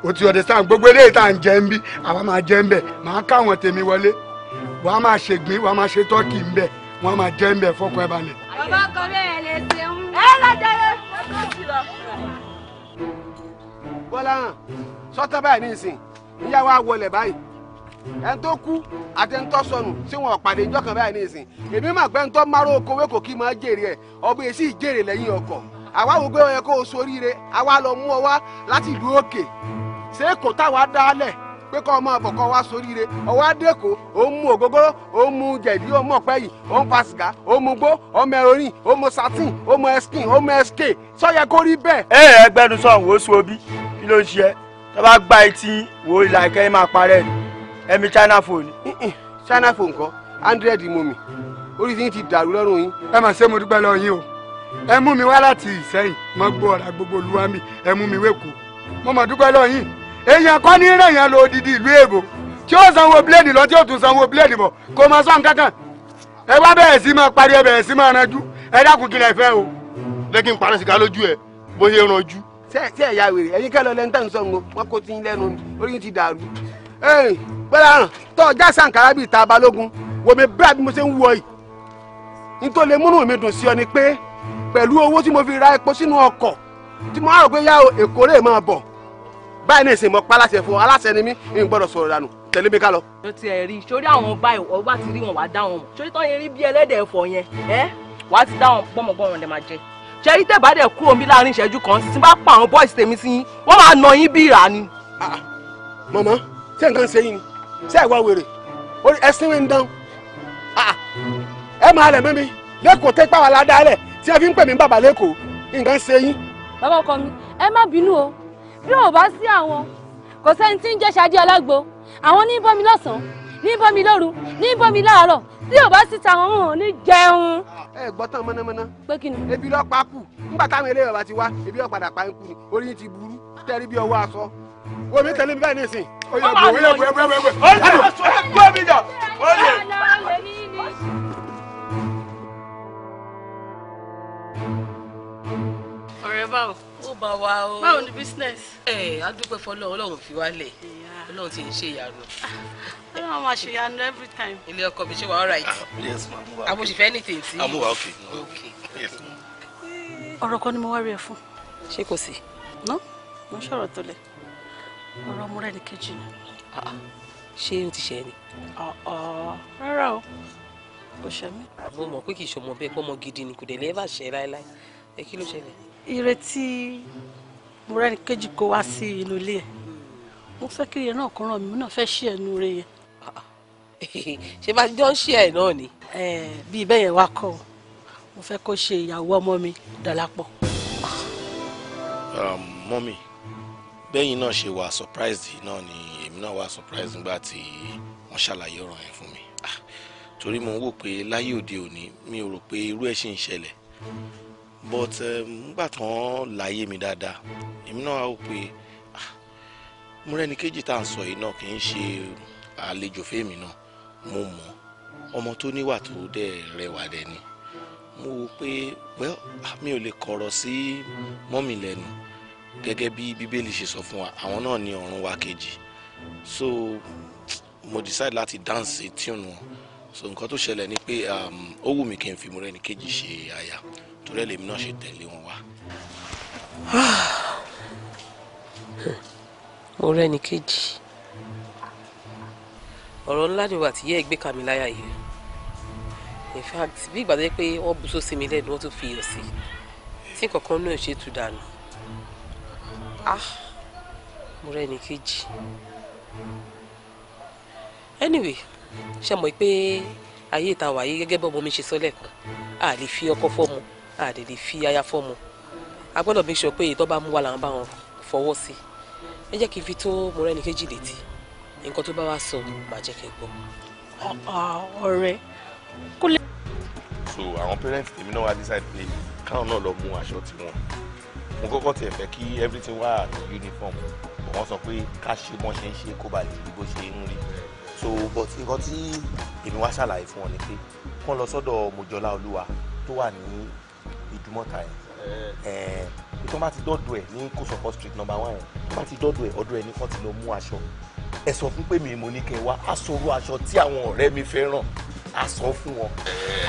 o ti ọ̀dẹ̀ sáà gbogbo eléyìí tá à ń jẹ ń bí àwa máa jẹ ń bẹ̀ máa káwọn tèmi wọlé wàá máa ṣègbín wàá máa ṣe tọ́kì ń bẹ̀ wọ́n máa jẹ ń bẹ̀ fọ́kọ ẹ balẹ̀.
bàbá kan ní ẹ̀ lè ṣe ń. ẹ lọ́jọ́lẹ̀ ọkọ̀ sí lọ. bọ́lá hàn sọ́tọ́
báyìí ní ìyá wa wọlé báyìí ẹni tó kú àti ẹni tó sọnù tí wọn pàdé ìjọ kan báyìí nìsín èmi mà pé ẹni tó márò kowé kò kí máa jèrè ẹ ọbẹ̀ èsì ìjèrè lẹ́yìn ọkọ̀ àwa wò pé ó yẹ kó o soríire àwa lọ mú ọ wá láti ìlú òkè ṣé kò táwa dálẹ̀ pé kọ́ ọmọ ọ̀bọ̀ kọ́ wá soríire ọwọ́ adéko ó ń mu ògógóró ó ń mu jẹ̀dí ó ń mọ̀ pẹ́yì ó ń pa sìgá ó ń mu gbó ó ń mẹrorin ó ń mu satin ó ń mu eskin ó ń mu eske sọ́yẹ kó rí bẹ́ẹ̀. ẹ ẹ gbẹnu sọ̀hún ó sọ kí ló ń ṣe ẹ tó bá gba etí wo ìlà ìkẹyìn máa parẹ́ ni ẹ̀mí china phone. china phone kọ́ hundred momi orí yín ti dàrú lọ́rùn yín. ẹ mà ṣe mo dúpẹ́ lọ yín o ẹ mú mi wá láti ìsẹ́yìn mọ́ gbọ́ ọ̀rá gbogbo olúwa mi ẹ mú mi wéku mo mà dúpẹ́ lọ yín èèyàn kọ́ ní ràn yàn lọ odidi ìlú èbò tí ó sanwó bíléèdì lọ tí ó tún sanwó bíléèdì bọ̀ kó máa sọ̀n kankan ẹ wá bẹ̀rẹ̀ sí máa parí ẹ bẹ̀rẹ̀ sí máa ranjú ẹ dákun kí lẹ fẹ́ o. lẹ́kìn parí sìgá lójú ẹ bó ṣe ranjú. ṣé ẹ ya wèrè ẹ̀yin kẹ́ lọ lẹ́ńtà ń sọ̀ngọ wọn kò tí ń lẹ́nu orí ti dàrú gbẹ́dà hàn tọ́ ọjà sànkárá bíi ta balógun wò mí bíra bí mo ṣe ń wọ yìí nítorí lè múnú mi dùn sí ọ ni pé pẹ̀lú owó tí mo fi ra epo sínú ọkọ̀ tí mo rò pé yá o èkó lè máa bọ̀ báyìí ní ìsìn mọ́ pa aláṣẹ fún aláṣẹ ni mí n gbọ́dọ̀ sọ̀rọ̀ dànù tẹ̀lé mi ká lọ.
ló ti ẹ̀ rí sórí àwọn ọba ìwọ bá ti rí wọn
wàá dá wọn mọ̀ sórí tán yẹn rí bí ẹlẹ́dẹ̀ ẹ̀fọ́ yẹn ẹ́ wàá ti dá wọn gbọ́mọgbọ́mọ lè jẹ. ṣẹ́rí tẹ̀ bá dẹ̀ kúrò mí láàrin ìṣẹ́jú kan tí bá pa àwọn bọ́ìsì tèmi sí yín wọ́n máa nà yín bí ìrà ni. Ah, ah.
màmá ṣé nǹkan ṣe yín ni ṣé ẹ wá wèrè ẹsìn mi ń dán ah, ah. ẹ máa rẹ̀ mímí lẹ́kọ̀ọ́ tẹ́ pàwọ́ aládàálẹ̀ tí ẹ fi ń pè mí bàbá lẹ́kọ̀ọ́ nǹkan ṣe yín.
bàbá ọkọ mi ẹ má bínú o bí ò bá sí àwọn
kò sẹ́ni tí ń jẹ́ ṣáájú alágbo àwọn ní bọ́mi lọ́sàn-án ní bọ́mi lóru ní bọ́mi láàárọ̀ tí ò bá sí tàwọn wọn ò ní jẹun. ẹ gbọ́ tán mọ́nàmọ́ná. pé kí ni. ebi
lọ́ọ́ pa kù nígbà táwọn eléyàwó ti wá ebi lọ́ọ́ padà pa ń kú ni orí ti burú tẹ́rí bí ọwọ́ aṣọ wo mi tẹ̀lé mi báyìí nísìn. ó yà bọ̀ ó yà bọ̀ ẹ̀bùrẹ̀ ẹ̀bùrẹ̀ ó yà
bọ̀ ẹ̀bùrẹ̀ mi jà ó yẹ.
ọ̀rẹ́ báwo ó bá wa o. báwo ni business. ẹ a dúpẹ́ fọlọ́ ọlọ́run fi wá lẹ̀ ọlọ́run ti ń ṣe ìyanu. ọlọ́run máa ṣe ìyanu every time. ilé ọkọ mi ṣe wà all right. yes ma mo wà ok. àbòṣìfẹ́ anything sí. àmú wà ok. ọ̀rọ̀ kan ni mo wá rí ẹ fún. ṣé kò sí. no mo ń ṣọ̀rọ̀ tó lẹ̀ ọ̀rọ̀ ọmọ rẹ̀ ní kejì ni. Ah, ah. ṣé o ti ṣe ni. Ah, rárá o kò ṣe mí. mo mọ̀ pé kì í ṣọmọ bẹ́ẹ̀ pọ́mọ gidi ni kò dé lè bá ṣe láéláé ẹ kí ló ṣẹlẹ̀. ìrètí mo rẹ́ni kejì kó wá sí inú ilé ẹ̀ mo fẹ́ kí iye náà kó ràn mí mo náà fẹ́ ṣí ẹnu rẹ yẹn. (laughs) ṣé bá jọ ń ṣí ẹ náà ni. bí ibẹ̀ yẹn wá kọ́ mo fẹ́ kó ṣe ìyàwó ọmọ mi dàlápọ̀.
mọ́mì. Um, bẹ́yìn náà ṣe wà surprised náà ni èmi náà wà surprised mm. nígbà tí wọ́n ṣàlàyé ọ̀rọ̀ yẹn fún mi ah, torí mo ń wò pé láyé òde òní mi ò rò pé irú ẹ̀ ṣì ń ṣẹlẹ̀ but ehm, nígbà tí wọ́n láyé mi dáadáa èmi náà wà wò pé ah, mo rẹ́ni kejì tá à ń sọ yìí náà kì í ṣe àlejò fèmí náà mo mọ̀ ọmọ tó níwà tó dẹ̀ rẹwà dẹ̀ ni mo wò pé well ah, mi ò lè kọ̀rọ̀ sí mọ́mì lẹ́nu gẹ́gẹ́ bí bíbélì ṣe sọ fún wa àwọn náà ní ọ̀run wa kejì so mo decide láti dance tune wọn so nǹkan tó ṣẹlẹ̀ ni pé um, ó wù mí kí n fi Mọ́rẹ́níkejì ṣe aya torí ẹ̀ lèmi náà ṣe tẹ̀lé wọn wá.
Mọ́rẹ́níkejì ọ̀rọ̀ ńlá ni wà tí yẹ́ ẹgbẹ́ kàmí yìí in fact bí ìgbà tó yẹ pé wọ́n bu sósì mi lẹ́nu wọ́n tún fi iyọ̀ sí i tí kankan náà ṣe tù dànù ah mo rẹ ní kejì anyway ṣe mọ̀ pé ayé ìta wàyí gẹ́gẹ́ bọ́ ọmọ mi ṣe sọ lẹ́kọ̀ọ́ a lè fi ọkọ fọ́ọ̀mù a lè lè fi aya fọ́ọ̀mù a gbọ́dọ̀ make sure pé ìtọ́ bá mú wa làwọn bá wọn fọwọ́ sí ẹ jẹ́ kí n fi tó mo rẹ́ ní kejì létí nǹkan tó bá wá sọ màá jẹ́ kí n gbọ́. ọ̀rẹ́ kó
lè. so àwọn parents tèmi náà wá decide pé káwọn náà lọ mú aṣọ tiwọn mo kọ́kọ́ tiẹ̀ fẹ́ kí everything wà àti uniform wọ́n sọ pé ká ṣe bọ́n ṣe ń ṣe kó ba lè rí bó ṣe ń rí so but nǹkan tí èmi wá ṣàlàyé fún ọ ni pé kán lọ sọ́dọ̀ mojọ́lá olúwa tó wà ní ìdúmọ̀tà yẹn pé tó bá ti dọ́dọ̀ ẹ̀ ní kòsọ̀kọ́ street number one yẹn tó bá ti dọ́dọ̀ ẹ̀ ọ̀dọ̀ ẹ̀ ní kán ti lọ mú aṣọ ẹ sọ fún pé mi mo ní kẹ́ wá aṣọ orú aṣọ tí àwọn ọ̀rẹ́ mi fẹ́ràn a sọ fún ọ.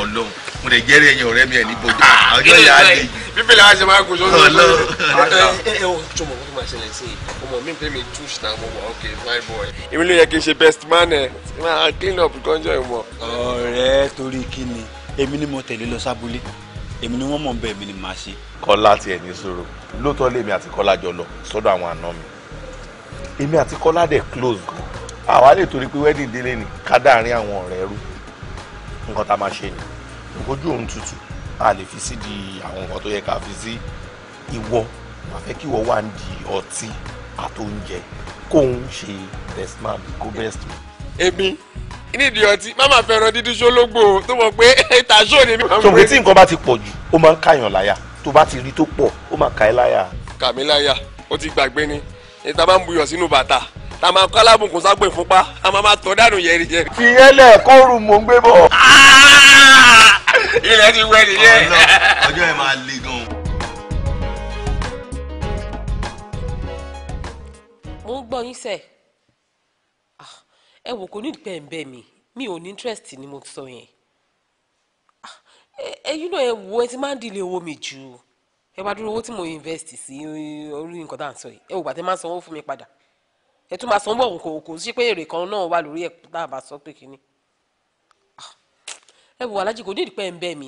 Ọlọ́run mo lè jẹ́rìí ẹ̀yin ọ̀rẹ́ mi ẹ ní bójú ah, ah, ọjọ́ ìyá lè. bíbélì àwọn ṣe máa kó sọ sọ lọ. ẹ
ẹ o jọmọ kó máa ṣẹlẹ̀ sí i ọmọ mi pé mi juice na mo wà ok fine boy. èmi ló yẹ kí ṣe best man ẹ máa clean up kọjọ ìmọ.
ọ̀rẹ́
torí kí ni èmi ni mo tẹ̀lé lọ sábúlé èmi ni wọ́n mọ̀ bẹ́ẹ̀ mi ni màá ṣe. kọ́lá tiẹ̀ ní sọ̀rọ̀ lóòótọ́ lèmi àti kọ́lá jọ lọ sọ́dọ̀ àwọn àna mi èmi àti kọ́lá dẹ̀ close gan àwa lè torí pé wedding délé ni ká dáàrin àwọn ọ̀rẹ́ rú nǹkan tá a máa ṣe ni ojú òun tutù a lè fi sí di àwọn nǹkan tó yẹ ká fi sí ìwọ màá fẹ́ kí ìwọ wà ń di ọtí àtóúnjẹ kóun ṣe best man kó best man.
èmi nídìí ọtí mama fẹ́ràn dídí ṣólógbò tó mọ̀ pé (laughs) tàṣó ni mi. sọ̀rọ̀ tí nǹkan bá
ti pọ̀ jù ó máa ń kàyàn láyà tó bá ti rí tó pọ̀ ó máa kà ẹ́ láyà.
kàmí láyà ó ti gbàgbé ni ìta máa ń buyọ̀ sínú bàtà ta máa kọ́ alábùnkún sápò ìfúnpá a máa máa tọ́ dànù yẹri yẹri.
fi yẹlẹ kóòrù mò ń gbé bọ̀.
Ah!
ilẹ̀ ti wẹ̀ nìyẹn. ọjọ́ ẹ̀ máa le gan.
mo ń gbọ́ yín sẹ́ ah, ẹ wò kò ní bẹ́ẹ̀ mi mi ò ní interest ni mo sọ yẹn ẹyin ah, náà ẹ wo ẹ ti máa ń dìlé owó mi jù ẹ wá dúró owó tí mo invest sí orí nǹkan tá à ń sọ yìí ẹ wò gbà tẹ́ máa sanwó fún mi padà ẹ tún máa sanwó ọ̀hún kò kò sí pé èrè kan náà wà lórí ẹ̀ tá a bá sọ pé kínní. Ah, ẹ wò alájí kò nídìí pé ẹ ń bẹ̀ mí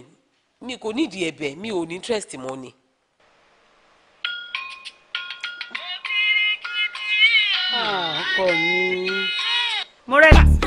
mi kò nídìí ẹ̀bẹ̀ mi ò ní interest mọ́ ni.
Ah, ọkọ mi. mo rẹ́ bá.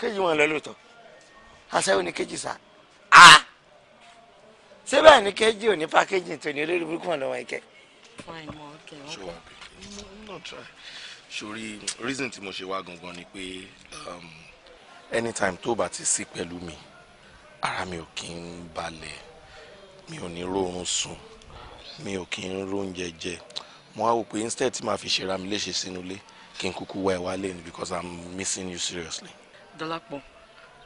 kéjì wọn lọ lóòótọ́ aṣẹ́wó ni kéjì sá a ṣé bẹ́ẹ̀ ni kéjì ò tó ní olórí burúkú wọn lọ́wọ́ ẹ̀kẹ́.
sori reason tí mo ṣe wá gangan ni pé um, anytime tó bá ti sí pẹ̀lú mi ara mi ò kí ń balẹ̀ mi ò ní rórun sùn mi ò kí ń róúnjẹ jẹ mo wá wò pé instead tí màá fi ṣe ra mi léṣe sínú ilé kí n kúkú wá ẹ wá lé because i'm missing you seriously.
Dọ́lápọ̀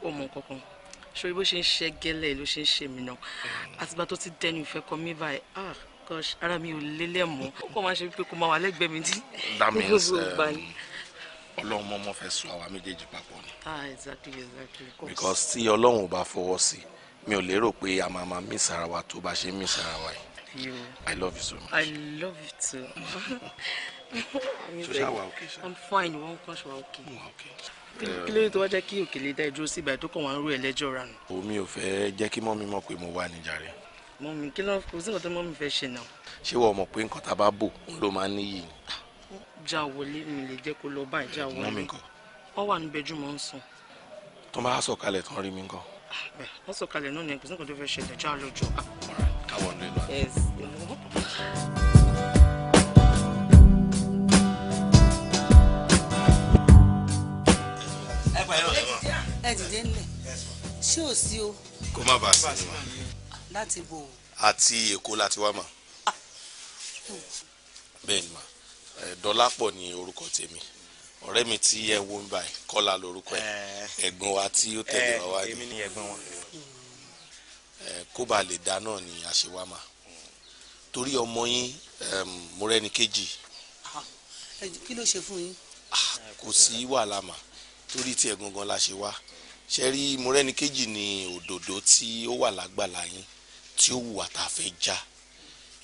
ó mọ kankan sori bó ṣe ń ṣe gẹ́lẹ́ ló ṣe ń ṣe mí náà àtìgbà tó ti dẹnu ìfẹ́ kọ mí báyìí ah gosh ara mi ò lélẹ̀ mọ́ ó kọ́ máa ṣe pé kó máa wà lẹ́gbẹ̀ẹ́ mi dí (laughs) gbogbo ìgbà um, yìí.
ọlọ́run mọ́mọ́ sọ àwa méjèèjì papọ̀
ni. ah exactly exactly. because
tí ọlọ́run ò bá fọwọ́ sí mi ò lérò pé a máa máa mí sára wa tó bá ṣe mí sára wa yìí. I love you so
much. I love you too. so, shall we okay? Sir? I'm fine. Won't crush, we're okay. We're okay kí ló tó wá jẹ́ kí òkèlè dá ìdúró sí ìbàdí tó kàn wá ń rú ẹ lẹ́jọ́ ranù.
omi ò fẹ́ jẹ́ kí mọ́mí mọ̀ pé mo wà níjà rẹ̀.
mọ́mí kí ló kò sí nǹkan tó mọ́mí fẹ́ ṣe náà.
ṣé wọ́n mọ̀ pé nǹkan tá a bá bò ń ló máa ń níyì.
já wọlé mi lè jẹ́ kó lọ báyìí já wọlé. mọ́mí nǹkan. wọ́n wà níbẹ̀ jùmọ̀ ń sùn.
tó bá sọ̀kalẹ̀ tán rí mi nǹkan.
Ah, wọ́n sọ̀kalẹ̀ náà ni kò sí nǹkan
ẹ dìde ńlẹ̀ ṣé ò sí o.
kó má bàa sí ma. láti bò ó. àti èkó láti wá mà. bẹ́ẹ̀ ni mà dọ́lápọ̀ ni orúkọ tèmi ọ̀rẹ́ mi tí ẹ wo ń báyìí kọ́lá lorúkọ ẹ̀ ẹ̀gbọ́n wa tí ó tẹ̀lé wa wá ní kó ba lè dá náà ni a ṣe wá mà torí ọmọ yín mo rẹ́ni kejì.
kí ló ṣe fún yín. Ah,
kò sí wàhálà mà torí tí ẹ̀ gangan la ṣe wá ṣe rí Mọ́rẹ́nikejì ní òdòdó tí ó wà lágbàlá yín tí ó wùwà tá a fẹ́ já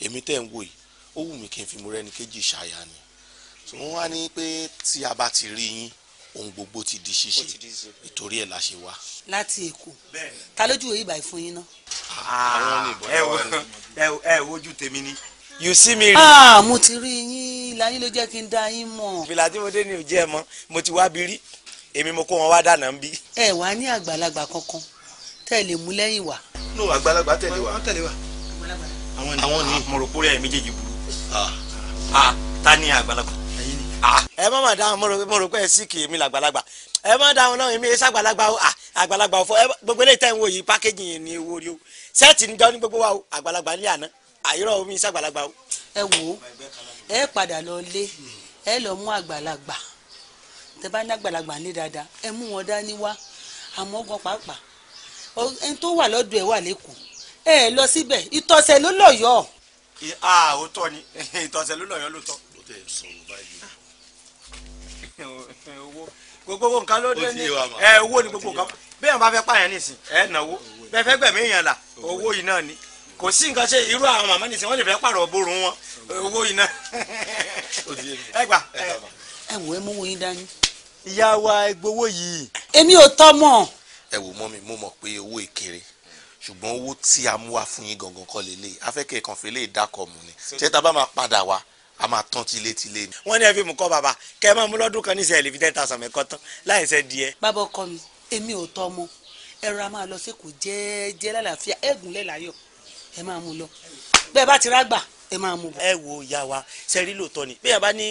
èmi tẹ́ ń wò yìí ó wù mí kí n fi Mọ́rẹ́nikejì ṣàyà ni wọ́n wá ní pé tí a bá ti rí yín ohun gbogbo ti di ṣíṣe nítorí ẹ̀ la ṣe wá.
láti èkó ta lójú èyí báyìí fún yín náà.
Ah,
ah, ẹ wojú tèmi ni
you see me ah mo ti rí yín láyé ló jẹ́ kí n dá yín mọ̀. fìlà tí mo dé ni ò jẹ́ ẹ mọ́
mo ti wá bí rí èmi mo kó wọn wá dáná ń bí.
ẹ wà á ní àgbàlagbà kankan tẹ́ ẹ lè mú lẹ́yìn wá.
nù àgbàlagbà tẹ̀lé wa tẹ̀lé wa àwọn ni mo rò pé ẹ méjèèjì burú ta ni àgbàlagbà. ẹ má má dáhùn mo rò pé ẹ sì kì í mi làgbàlagbà ẹ má dáhùn náà èmi ah, ẹ sàgbàlagbà àgbàlagbà ọ̀fọ̀ gbogbo eléyìí tẹ̀ ń wò yìí pákéjì yẹn ni owó rí o sẹ́ẹ̀tì ń jọ ní gbogbo wa o àgbàlagbà ní àná àyírọ̀ omi sàgbàlagbà o.
ẹ wo ẹ padà lọ lé ẹ lọ mú àgbàlagbà tẹ́ bá ní àgbàlagbà ní dáadáa ẹ mú wọn dání wá àmọ́ gan pàápàá ẹni tó wà lọ́dọ̀ ẹ̀ wà lẹ́kọ̀ọ́ ẹ ẹ lọ síbẹ̀ ìtọ̀sẹ̀ ló lọ̀yọ̀.
àòótọ́ ni (laughs) ìtọ̀sẹ̀ ló lọ̀yọ̀ lóòótọ́. ó tẹ̀ sọ̀rọ̀ báyìí. (laughs) owó gbogbo nǹkan ló dé ní ẹ owó ni gbogbo nǹkan bẹ́ẹ̀ bá fẹ́ pààyàn nìsín ẹ náwó bẹ́ẹ̀ fẹ́ gbẹ̀mí èèyàn là owó yìí náà ni kò sí nǹkan ṣe irú àwọn màmá nìsín wọ́n lè fẹ́ pààrọ̀ borun wọn
owó yìí náà (laughs) ẹ gbà. ẹ wò
ẹ mú wo yín dání ìyá wa egbowó yìí. èmi ò tọ́ mọ̀.
ẹ wò mọ́ mi mo mọ̀ pé owó ìkéré ṣùgbọ́n owó tí a mú wa fún yín gangan kọ́ lélẹ̀ afẹ́kẹ́ kan fi lè dákọ̀ mù ni ṣé ta bá máa padà wá a máa tán tilétilé ni. wọ́n ní ẹ fi mú kọ́ bàbá kẹ́ ẹ máa mú lọ́dún kan níṣẹ́ ẹ lè fi
ten
thousand mẹ́kọ́ tán láì díẹ̀. bàbá ọkọ mi èmi ò tọ́ mọ́ ẹ̀rọ a máa lọ sí kò jẹ́ẹ́jẹ́ lálàáfíà ẹ̀gúnlẹ̀ láyọ̀ ẹ máa mú lọ bẹ́ẹ̀ bá ti rágbà ẹ máa mú bọ. ẹ wo ìyá wa sẹ́rí lóòótọ́ ni bí yàrá ní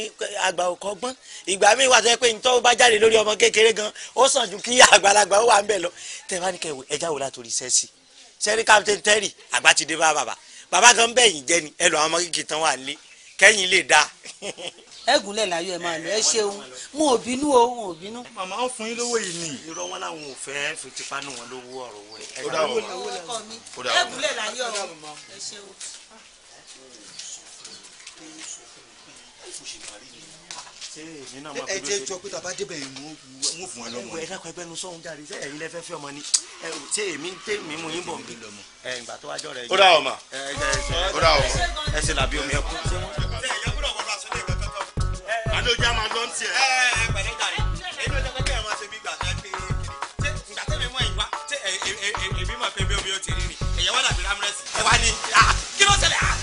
àgbà ọkọ gbọ́n ìgbà míì wà tó yẹ pé nítorí
bá jáde lórí ọmọ kékeré gan ó sàn ju kí àgbàlagbà ó wà ń bẹ̀ lọ tẹ bá ní kẹwò ẹja wò látòrí sẹ́sì sẹ́rí captain terry àgbà ti dé bá bàbá bàbá kan bẹ́yìn jẹ́ ni ẹ lọ àwọn ọmọ kékeré tán wà lé kẹ́yìn lè dáa
ẹgúnlẹ̀ láyọ̀ ẹ̀ máa lọ ẹ ṣeun mo ò bínú o mo ò bínú. màmá ń fún yín lówó yìí ni. irọ́ wọn làwọn ò fẹ́ fi tipa
nù wọn lówó ọ̀rọ̀ wẹ̀. ó láyọ̀ ẹ ṣeun ẹ jẹ́ jọ pé tàbá débẹ̀ ìmú mú fún wa lọ́mọ. ẹ dákun ẹgbẹ́ nu sọ́hún jáde ṣé ẹ̀yin lẹ́fẹ́ fẹ́ ọmọ ni ṣé èmi tèmi mú yín bọ̀ ń ẹ ìgbà tó wájọ rẹ. ó dà ọmọ ó dà ọmọ ẹ sì làbí omi ẹkú. ṣe ìyá gbọ́dọ̀ wọ
aṣọ ilé kankan àná ojú àmà ló ń tiẹ̀. ẹ ẹ
pẹ̀lú jàre èmi ló jẹ́ pé kẹ́hìn máa ṣe bí gbàgbé ṣe ìgbà tẹ́mi mọ́ ìwá ṣe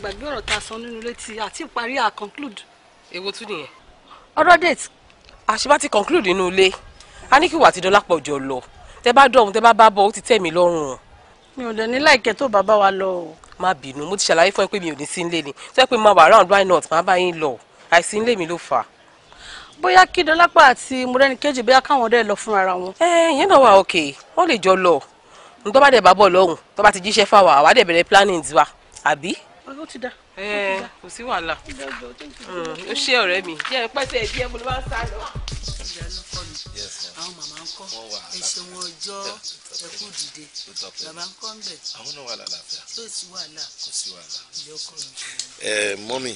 gbàgbé ọ̀rọ̀ ta sọ nínú létí àti ìparí à conclude. èwo tún nìyẹn. ọ̀rọ̀ date. àṣìbá ti conclude nínú ilé a ní kí wà á ti Dọlápọ̀ jọ lọ tẹ bá dọ̀hún tẹ bá bá bọ̀ ó ti tẹ̀ mí lọ́rùn. mi ò dẹ̀ ní láìkẹ́ tó bàbá wa lọ má bínú mo ti ṣàlàyé fún ẹ pé mi ò ní sí ilé ni tó yẹ pé máa wà round why not máa bá yín lọ àìsí ilé mi ló fà á. bóyá kí Dọlápọ̀ àti Mọ́rẹ́nikẹ́jì bóyá káwọn dẹ́ lọ fúnra ra wọn. ẹ ìyẹn náà wà òkè wọ́n lè jọ lọ ti jíṣẹ́ fáwa àwa dẹ̀ planning tiwa àbí. ó ti da kò sí wàhálà ó mm, ṣe ọ̀rẹ́ mi jẹ́ pẹ́sẹ̀ ẹbí ẹ mo ló bá ń sá lọ ńkọ́ ẹ̀ṣẹ̀wọ̀n ọjọ́ ẹ̀kú dìde bàbá ńkọ́ ń bẹ̀. àwọn náà wà lálàáfíà. yóò
sí wàhálà. kò sí wàhálà. ìyá mi.
ẹ mọ́mì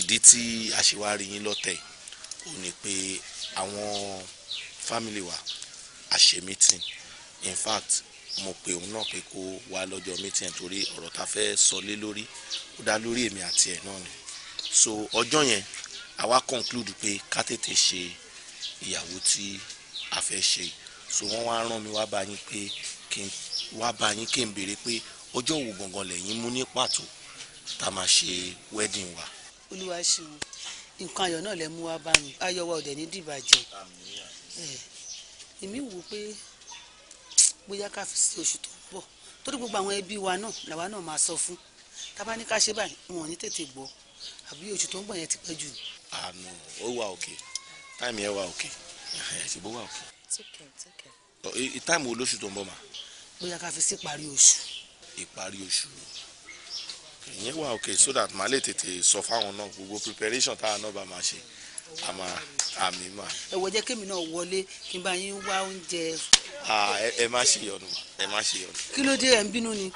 ìdí tí a yín lọ́tẹ̀ ò ní pé àwọn fámìlì wa a mítìn in fact mo pe òun náà pé kó wá lọ́jọ́ mítìn torí ọ̀rọ̀ ta fẹ́ sọ lé lórí ó dá lórí èmi àti ẹ̀ náà ni so ọjọ́ yẹn àwa conclude pé ká tètè ṣe ìyàwó tí a fẹ́ ṣe so wọ́n wá rán mi wá bá yín pé kí n wá bá yín kí n béèrè pé ọjọ́ wo gangan lẹ́yìn mú ní pàtó tá a máa ṣe wedding wa.
olúwa ṣeun nǹkan ayọ̀ náà lè mú wá bá mi ayọ̀ wa ò dẹ̀ ní dìbàjẹ́ èmi wò pé bóyá ká fi sí oṣù tó ń bọ̀ torí gbogbo àwọn ẹbí wa náà làwa náà máa sọ fún tá bá ní ká ṣe báyìí wọn ò ní tètè gbọ́ àbí oṣù tó ń bọ̀ yẹn ti pẹ́ jù.
àná ó wà òkè táìmì ẹ wà òkè ẹ eh, ok bó wà fún. tíkẹ̀ tíkẹ̀. ìtààmù olóṣù tó ń bọ̀ mà.
bóyá ká fi sí ìparí oṣù.
ìparí oṣù ìyẹn wà òkè so that màá lè tètè sọ fáwọn náà gbogbo preparation táwọn náà bá máa ṣe àmà àmì mà.
ẹ wọ jẹ́ kémi náà wọlé kí n bá yín wá oúnjẹ.
Ah, ẹ má ṣe yọnu ẹ má ṣe yọnu. kí ló dé ẹ ń ni.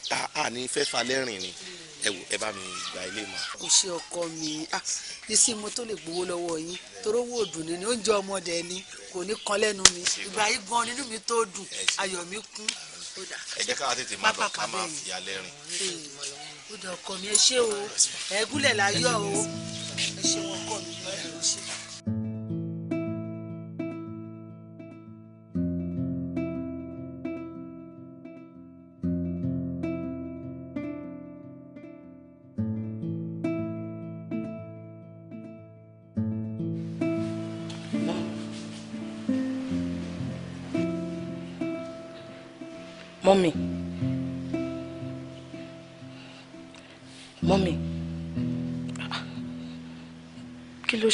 a ní fẹ́ falẹ́ rìn ni ẹ wò ẹ bá mi gba ilé mọ.
kò ṣe ọkọ mi ah, ìsìn mo tó lè gbowó lọ́wọ́ yín torí owó òdùn ni oúnjẹ ọmọdé ni kò ní kan lẹ́nu mi ìgbà
yìí gan nínú mi tó dùn ayọ̀ mi kún. ẹ jẹ́ ká tètè máa lọ ká máa fìyà lẹ́rìn.
ó dà ọkọ mi ẹ ṣé o ẹ̀gúnlẹ̀ láyọ̀ o ẹ ṣé wọn kọ́ mi lọ́yà ló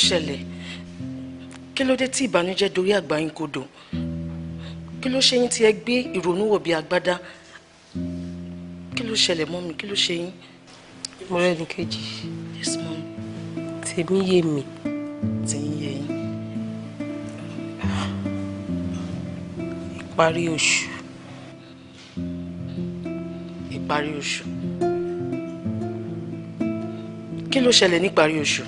ṣẹlẹ̀ kí ló dé tí ìbànújẹ́ dorí àgbà yín kodò kí ló ṣe yín tí ẹ gbé ìrònú wọ̀ bí agbádá kí ló ṣẹlẹ̀ mọ́ mi kí ló ṣe yín. mo rẹ́ni kejì tèmi yé mi tí ń yé yín. ìparí oṣù ìparí oṣù kí ló ṣẹlẹ̀ níparí oṣù.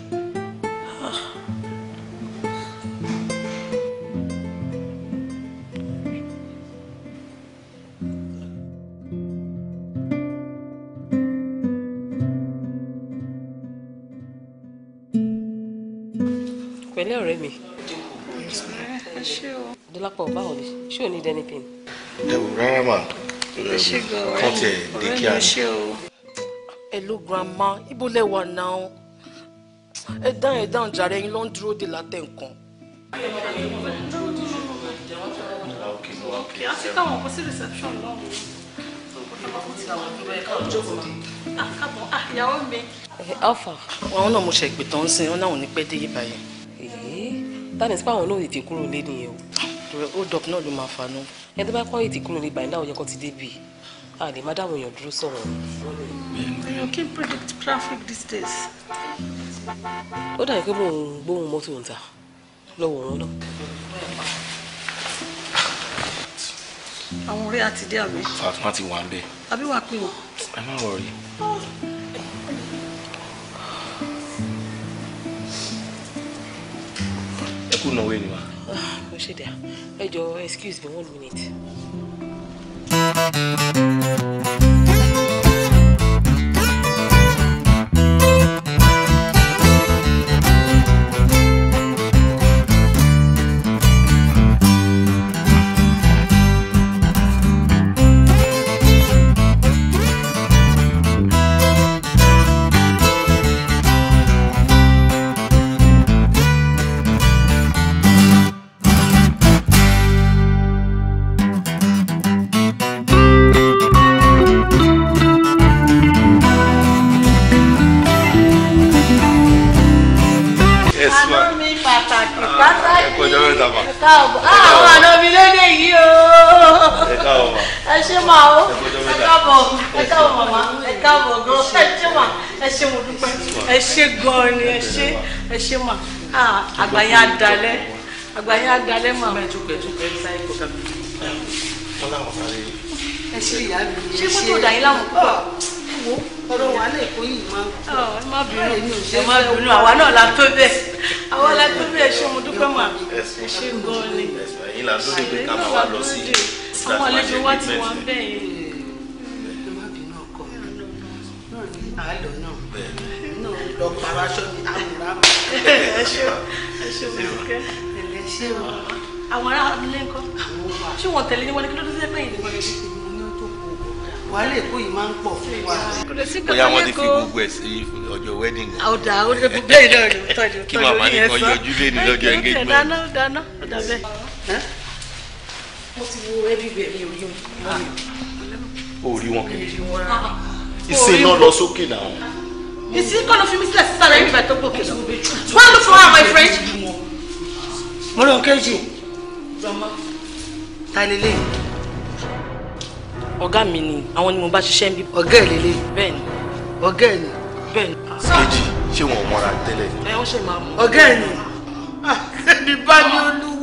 kọ́ńtì ẹ̀ dé kí a
hello grandma ibo lẹ wà náà ẹ dáhùn ẹ dáhùn jàre yín ló ń dúró de látẹ̀ nǹkan. kí á ti káwọn kó sí reception lọ́wọ́ alpha àwọn náà mo ṣe ìpè tán sí wọn náà ní pẹ́ dé yíba yẹn. that is pé àwọn náà tètè kúrò lé nìyẹn o. hold up náà ló máa fa náà ẹ tó bá kọ́ ètí kúrò ní báyìí láwọn yẹn kọ́ ti débi a lè má dáwọn èèyàn dúró sọ̀rọ̀. you can predict traffic these days. ó dàbí pé mò ń gbóhùn mọ́tò ń ta lọ́wọ́ wọn náà. àwọn ọ̀rẹ́ àti dé àbí.
Fatuma ti wà ń bẹ̀.
àbí wàá pè wọ́n.
ẹ má wọrí. ẹ kú náwó ènìyàn
ó ah, ṣe dà ẹ jọ excuse me one minute.
àná
mi pàtàkì ah, pàtàkì káàbọ̀ ah, àwọn àná mi lédè yìí o ẹ ṣe máa o ẹ káàbọ̀ ẹ káàbọ̀ màmá ẹ káàbọ̀
gan ẹ ṣe máa ẹ ṣe mo dúpẹ́ ẹ ṣe gan ni ẹ ṣe ẹ ṣe máa ah, àgbáyé adalẹ́ àgbáyé adalẹ́ màmá. ẹ ṣe ìyá mi ṣé kótó dàyín láwọn púpọ̀
wo ọ̀rọ̀ wa lè kó yìí máa ń kọ́. ẹ má bínú ẹ má bínú àwa náà la tó
bẹ́ẹ̀
àwa la tó bẹ́ẹ̀ ṣé mo dúpẹ́ mà ẹ ṣe gan-an ni. ẹ̀yin là ń lóde ká máa wá lọ sí
àwọn àlejò wa ti wà bẹ́ẹ̀ yẹn. ẹ má bínú ọkọ mi náà ní àlọ́ náà náà lọ para aṣọ mi àwòrán mi. ẹ ṣe mo dúpẹ́
ẹ àwọn ará ilé ńkọ́ ṣé wọn tẹ̀lé ní wọn kí ló dé sẹ́pẹ̀yìn ní wọn
wàhálà èkó yìí máa ń pọ̀ fún wa.
bóyá wọ́n ti fi gbogbo ẹ̀ sí ọjọ́ wedding.
ọ̀dà ó lè bu bẹ́ẹ̀ náà ló
tọ́jú tọ́jú yẹn sọ. kí màmá nìkan
yọjú lé ní lọ́jọ́ engagement. dáná
dáná ọ̀dà bẹ́ẹ̀. mo ti wo
ẹbí bẹ̀ mi ò rí wọn. Ah.
o wọn kì í. ìsìn náà lọ sókè náà.
ìsìn kọ́ ló fi mí sílẹ̀ sísá rẹ̀ nígbà tó gbòkè lọ. wọ́n
ọ̀gá mi ni àwọn ni mo bá ṣiṣẹ́ ń bí. ọ̀gá ẹ̀ lélẹ̀. bẹ́ẹ̀ ni. ọ̀gá ẹ̀ ni. bẹ́ẹ̀ ni. kejì
ṣé wọn ò mọra tẹ́lẹ̀. ẹ wọ́n ṣe máa
mọ. ọ̀gá ẹ̀ ni.
ẹni ah, (laughs) bá ní olú.